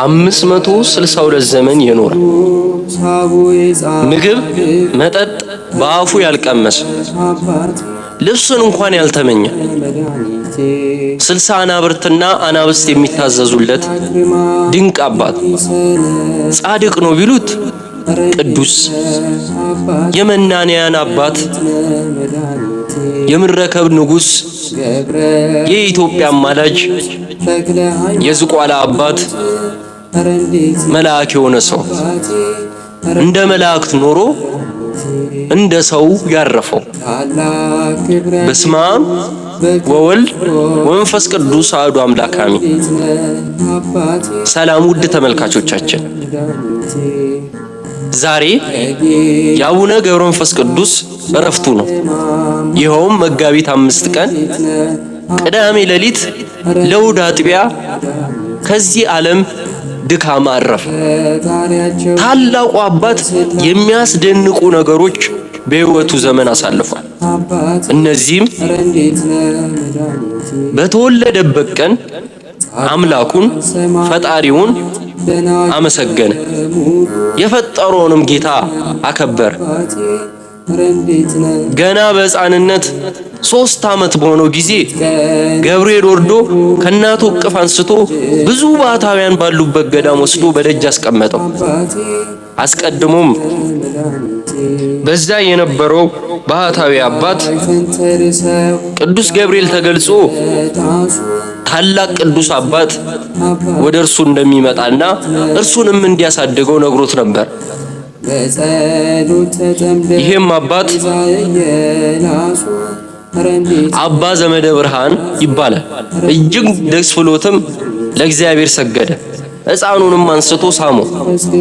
አምስት መቶ ስልሳ ሁለት ዘመን የኖረ ምግብ መጠጥ በአፉ ያልቀመሰ ልብሱን እንኳን ያልተመኘ ስልሳ አናብርትና አናብስት የሚታዘዙለት ድንቅ አባት ጻድቅ ነው ቢሉት ቅዱስ የመናንያን አባት የምረከብ ንጉሥ የኢትዮጵያ አማላጅ የዝቋላ አባት መልአክ የሆነ ሰው እንደ መላእክት ኖሮ እንደ ሰው ያረፈው በስማም ወወልድ ወመንፈስ ቅዱስ አሐዱ አምላክ አሜን። ሰላም ውድ ተመልካቾቻችን፣ ዛሬ የአቡነ ገብረ መንፈስ ቅዱስ እረፍቱ ነው። ይኸውም መጋቢት አምስት ቀን ቅዳሜ ሌሊት ለውድ አጥቢያ ከዚህ ዓለም ድካም አረፈ። ታላቁ አባት የሚያስደንቁ ነገሮች በሕይወቱ ዘመን አሳልፏል። እነዚህም በተወለደበት ቀን አምላኩን ፈጣሪውን አመሰገነ፣ የፈጠረውንም ጌታ አከበረ። ገና በሕፃንነት ሶስት ዓመት በሆነው ጊዜ ገብርኤል ወርዶ ከእናቱ እቅፍ አንስቶ ብዙ ባሕታውያን ባሉበት ገዳም ወስዶ በደጅ አስቀመጠው። አስቀድሞም በዛ የነበረው ባህታዊ አባት ቅዱስ ገብርኤል ተገልጾ ታላቅ ቅዱስ አባት ወደ እርሱ እንደሚመጣና እርሱንም እንዲያሳድገው ነግሮት ነበር። ይህም አባት አባ ዘመደ ብርሃን ይባላል። እጅግ ደስ ብሎትም ለእግዚአብሔር ሰገደ። ሕፃኑንም አንስቶ ሳሞ፣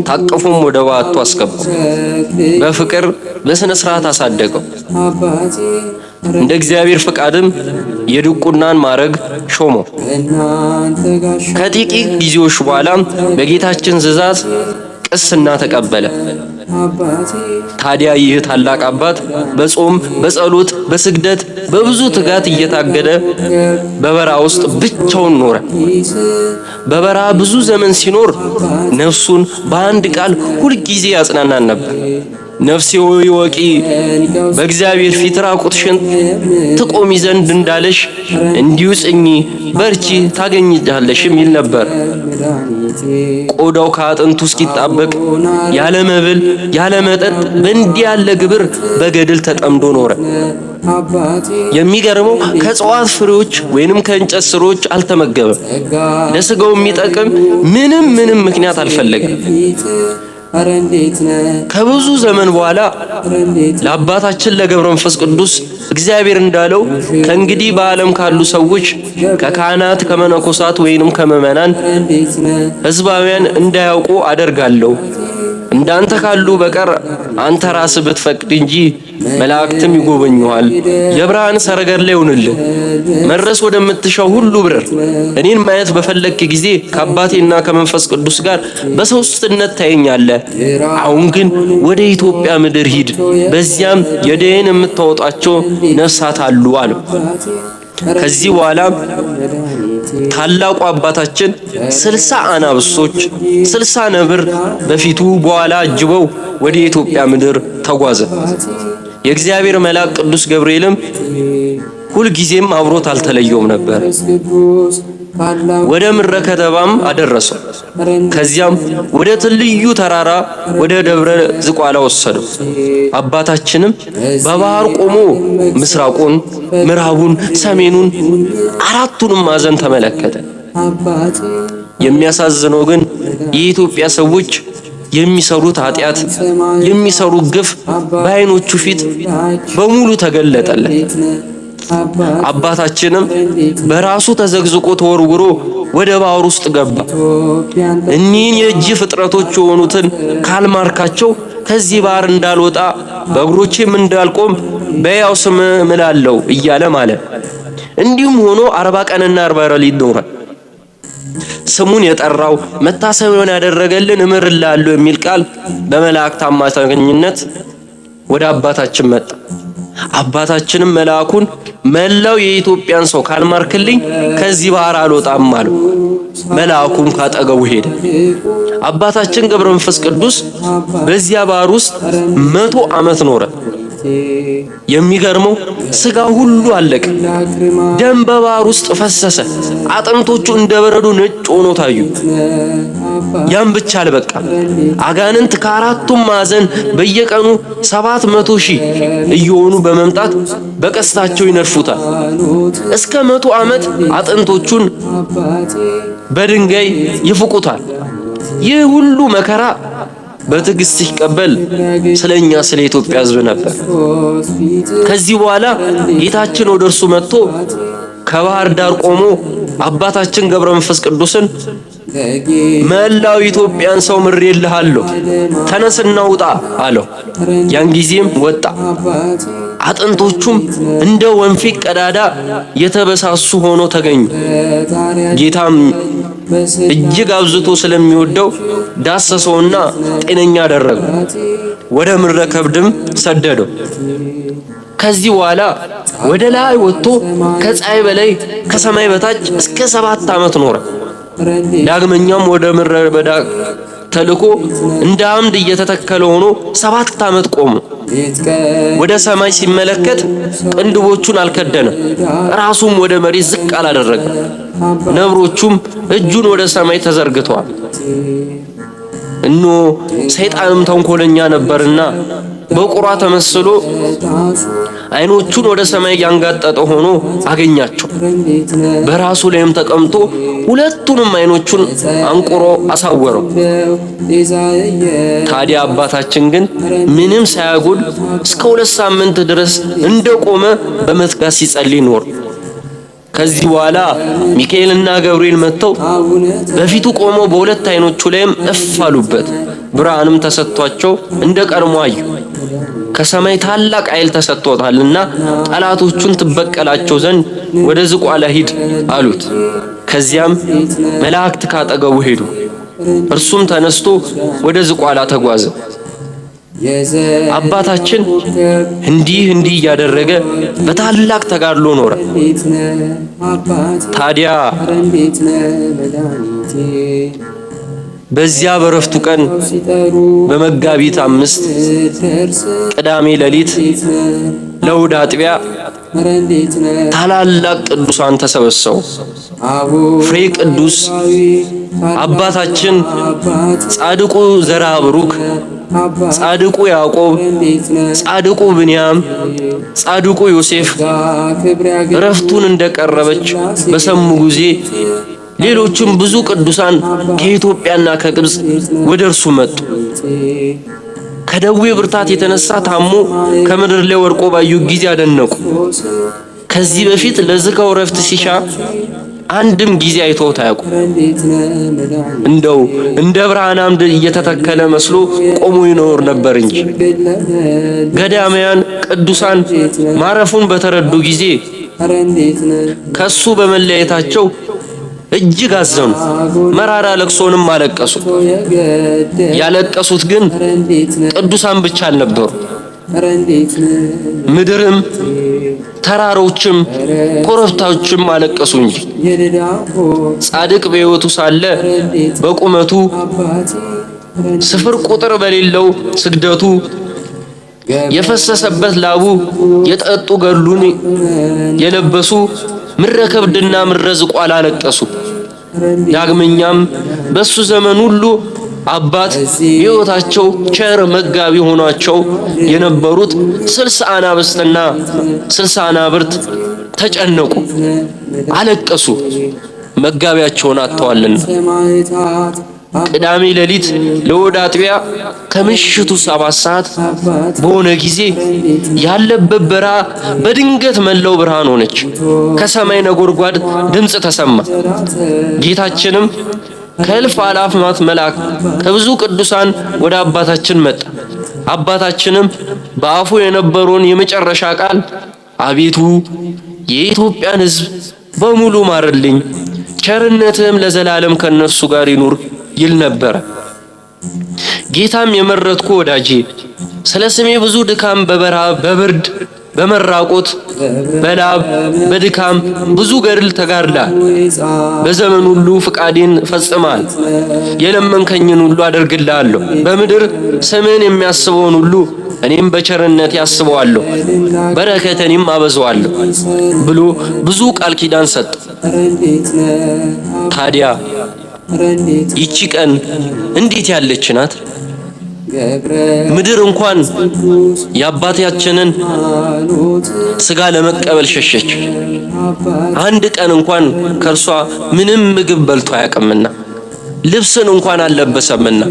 ታቅፎም ወደ ባቱ አስገባው። በፍቅር በስነ ስርዓት አሳደገው። እንደ እግዚአብሔር ፍቃድም የድቁናን ማረግ ሾሞ ከጥቂት ጊዜዎች በኋላም በጌታችን ትእዛዝ ቅስና ተቀበለ። ታዲያ ይህ ታላቅ አባት በጾም በጸሎት በስግደት በብዙ ትጋት እየታገደ በበረሃ ውስጥ ብቻውን ኖረ። በበረሃ ብዙ ዘመን ሲኖር ነፍሱን በአንድ ቃል ሁልጊዜ ያጽናናን ነበር። ነፍሴ ሆይ ወቂ በእግዚአብሔር ፊት ራቁትሽን ትቆሚ ዘንድ እንዳለሽ እንዲሁ ጽኚ፣ በርቺ ታገኝጃለሽ የሚል ነበር። ቆዳው ከአጥንቱ እስኪጣበቅ ያለ መብል ያለ መጠጥ በእንዲህ ያለ ግብር በገድል ተጠምዶ ኖረ። የሚገርመው ከእጽዋት ፍሬዎች ወይንም ከእንጨት ስሮች አልተመገበም። ለስጋው የሚጠቅም ምንም ምንም ምክንያት አልፈለገም። ከብዙ ዘመን በኋላ ለአባታችን ለገብረ መንፈስ ቅዱስ እግዚአብሔር እንዳለው ከእንግዲህ በዓለም ካሉ ሰዎች ከካህናት፣ ከመነኮሳት ወይንም ከመመናን ሕዝባውያን እንዳያውቁ አደርጋለሁ። እንዳንተ ካሉ በቀር አንተ ራስህ ብትፈቅድ እንጂ መላእክትም ይጎበኙሃል። የብርሃን ሰረገላ ይሁንልህ። መድረስ ወደምትሻው ሁሉ ብረር። እኔን ማየት በፈለግክ ጊዜ ከአባቴና ከመንፈስ ቅዱስ ጋር በሶስትነት ታየኛለህ። አሁን ግን ወደ ኢትዮጵያ ምድር ሂድ፣ በዚያም የደህን የምታወጣቸው ነፍሳት አሉ አለ። ከዚህ በኋላ ታላቁ አባታችን ስልሳ አናብሶች ስልሳ ነብር በፊቱ በኋላ አጅበው ወደ ኢትዮጵያ ምድር ተጓዘ። የእግዚአብሔር መልአክ ቅዱስ ገብርኤልም ሁልጊዜም አብሮት አልተለየውም ነበር። ወደ ምድረ ከተማም አደረሰው። ከዚያም ወደ ትልዩ ተራራ ወደ ደብረ ዝቋላ ወሰደው። አባታችንም በባህር ቆሞ ምስራቁን፣ ምዕራቡን፣ ሰሜኑን አራቱንም ማዕዘን ተመለከተ። የሚያሳዝነው ግን የኢትዮጵያ ሰዎች የሚሰሩት ኃጢአት የሚሰሩ ግፍ በአይኖቹ ፊት በሙሉ ተገለጠለት። አባታችንም በራሱ ተዘግዝቆ ተወርውሮ ወደ ባህር ውስጥ ገባ። እኒህን የእጅ ፍጥረቶች የሆኑትን ካልማርካቸው ከዚህ ባህር እንዳልወጣ በእግሮቼም እንዳልቆም በያው ስም ምላለሁ እያለ ማለ። እንዲሁም ሆኖ አርባ ቀንና አርባ ሌሊት ኖረ። ስሙን የጠራው መታሰቢያውን ያደረገልን እምርልሃለሁ የሚል ቃል በመላእክት አማካኝነት ወደ አባታችን መጣ። አባታችንም መልአኩን መላው የኢትዮጵያን ሰው ካልማርክልኝ ከዚህ ባህር አልወጣም አለው። መልአኩም ካጠገቡ ሄደ። አባታችን ገብረ መንፈስ ቅዱስ በዚያ ባህር ውስጥ መቶ ዓመት ኖረ። የሚገርመው ስጋ ሁሉ አለቀ፣ ደም በባህር ውስጥ ፈሰሰ። አጥንቶቹ እንደ በረዶ ነጭ ሆኖ ታዩ። ያም ብቻ አልበቃ፣ አጋንንት ከአራቱም ማዕዘን በየቀኑ ሰባት መቶ ሺህ እየሆኑ በመምጣት በቀስታቸው ይነድፉታል። እስከ መቶ ዓመት አጥንቶቹን በድንጋይ ይፍቁታል። ይህ ሁሉ መከራ በትዕግስት ሲቀበል ስለኛ ስለ ኢትዮጵያ ሕዝብ ነበር። ከዚህ በኋላ ጌታችን ወደ እርሱ መጥቶ ከባህር ዳር ቆሞ አባታችን ገብረ መንፈስ ቅዱስን መላው ኢትዮጵያን ሰው ምሬልሃለሁ፣ ተነስና ውጣ አለው። ያን ጊዜም ወጣ። አጥንቶቹም እንደ ወንፊት ቀዳዳ የተበሳሱ ሆኖ ተገኙ። ጌታም እጅግ አብዝቶ ስለሚወደው ዳሰሰውና ጤነኛ አደረገው፣ ወደ ምድረ ከብድም ሰደደው። ከዚህ በኋላ ወደ ላይ ወጥቶ ከፀሐይ በላይ ከሰማይ በታች እስከ ሰባት ዓመት ኖረ። ዳግመኛም ወደ ምድረ በዳ ተልኮ እንደ አምድ እየተተከለ ሆኖ ሰባት ዓመት ቆሞ ወደ ሰማይ ሲመለከት ቅንድቦቹን አልከደነም፣ ራሱም ወደ መሬት ዝቅ አላደረገም። ነብሮቹም እጁን ወደ ሰማይ ተዘርግተዋል። እኖ ሰይጣንም ተንኮለኛ ነበርና በቁራ ተመስሎ አይኖቹን ወደ ሰማይ ያንጋጠጠ ሆኖ አገኛቸው። በራሱ ላይም ተቀምጦ ሁለቱንም አይኖቹን አንቁሮ አሳወረው። ታዲያ አባታችን ግን ምንም ሳያጎል እስከ ሁለት ሳምንት ድረስ እንደቆመ በመትጋት ሲጸልይ ኖር ከዚህ በኋላ ሚካኤልና ገብርኤል መጥተው በፊቱ ቆመው በሁለት አይኖቹ ላይም እፍ አሉበት። ብርሃንም ተሰጥቷቸው እንደ ቀድሞ አዩ። ከሰማይ ታላቅ ኃይል ተሰጥቶታልና ጠላቶቹን ትበቀላቸው ዘንድ ወደ ዝቋላ ሂድ አሉት። ከዚያም መላእክት ካጠገቡ ሄዱ። እርሱም ተነስቶ ወደ ዝቋላ ተጓዘ። አባታችን እንዲህ እንዲህ እያደረገ በታላቅ ተጋድሎ ኖረ። ታዲያ በዚያ በረፍቱ ቀን በመጋቢት አምስት ቅዳሜ ሌሊት ለእሑድ አጥቢያ ታላላቅ ቅዱሳን ተሰበሰቡ። ፍሬ ቅዱስ አባታችን ጻድቁ ዘርዐ ብሩክ ጻድቁ ያዕቆብ፣ ጻድቁ ብንያም፣ ጻድቁ ዮሴፍ እረፍቱን እንደቀረበች በሰሙ ጊዜ ሌሎችም ብዙ ቅዱሳን ከኢትዮጵያና ከግብጽ ወደ እርሱ መጡ። ከደዌ ብርታት የተነሳ ታሞ ከምድር ላይ ወርቆ ባዩ ጊዜ አደነቁ። ከዚህ በፊት ለዝካው እረፍት ሲሻ አንድም ጊዜ አይተውት አያውቁም። እንደው እንደ ብርሃን አምድ እየተተከለ መስሎ ቆሞ ይኖር ነበር እንጂ ገዳማያን ቅዱሳን ማረፉን በተረዱ ጊዜ ከሱ በመለየታቸው እጅግ አዘኑ። መራራ ለቅሶንም አለቀሱ። ያለቀሱት ግን ቅዱሳን ብቻ አልነበሩ። ምድርም ተራሮችም ኮረብታዎችም አለቀሱ እንጂ ጻድቅ በሕይወቱ ሳለ በቁመቱ ስፍር ቁጥር በሌለው ስግደቱ የፈሰሰበት ላቡ የጠጡ ገድሉን የለበሱ ምድረ ከብድና ምድረ ዝቋላ አለቀሱ። ዳግመኛም በሱ ዘመን ሁሉ አባት ሕይወታቸው ቸር መጋቢ ሆኗቸው የነበሩት ስልሳ አናብስትና ስልሳ አናብርት ተጨነቁ፣ አለቀሱ። መጋቢያቸውን አጥተዋልና። ቅዳሜ ሌሊት ለወደ አጥቢያ ከምሽቱ ሰባት ሰዓት በሆነ ጊዜ ያለበት በረሃ በድንገት መላው ብርሃን ሆነች። ከሰማይ ነጎድጓድ ድምፅ ተሰማ። ጌታችንም ከእልፍ አላፍማት መልአክ ከብዙ ቅዱሳን ወደ አባታችን መጣ። አባታችንም በአፉ የነበረውን የመጨረሻ ቃል አቤቱ የኢትዮጵያን ሕዝብ በሙሉ ማርልኝ፣ ቸርነትህም ለዘላለም ከነሱ ጋር ይኑር ይል ነበረ። ጌታም የመረጥኩ ወዳጄ ስለ ስሜ ብዙ ድካም በበረሃ በብርድ በመራቆት በላብ በድካም ብዙ ገድል ተጋድላል። በዘመን ሁሉ ፍቃዴን ፈጽማል። የለመንከኝን ሁሉ አደርግልሃለሁ። በምድር ስምን የሚያስበውን ሁሉ እኔም በቸርነት ያስበዋለሁ፣ በረከት እኔም አበዛዋለሁ ብሎ ብዙ ቃል ኪዳን ሰጠ። ታዲያ ይቺ ቀን እንዴት ያለች ናት? ምድር እንኳን የአባታችንን ስጋ ለመቀበል ሸሸች። አንድ ቀን እንኳን ከእርሷ ምንም ምግብ በልቶ አያውቅምና ልብስን እንኳን አልለበሰምና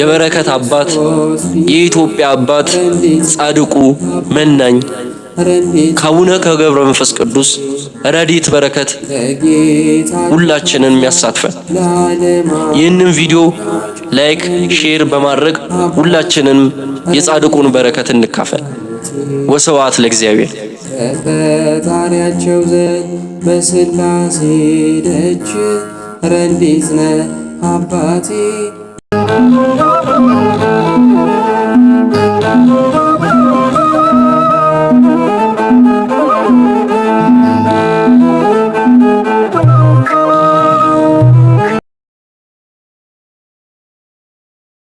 የበረከት አባት የኢትዮጵያ አባት ጻድቁ መናኝ ከአቡነ ከገብረ መንፈስ ቅዱስ ረድኤት በረከት ሁላችንን የሚያሳትፈን ይህንን ቪዲዮ ላይክ፣ ሼር በማድረግ ሁላችንም የጻድቁን በረከት እንካፈል። ወስብሐት ለእግዚአብሔር። በፈጣሪያቸው ዘንድ በሥላሴ ደጅ ረንዲት ነህ አባቴ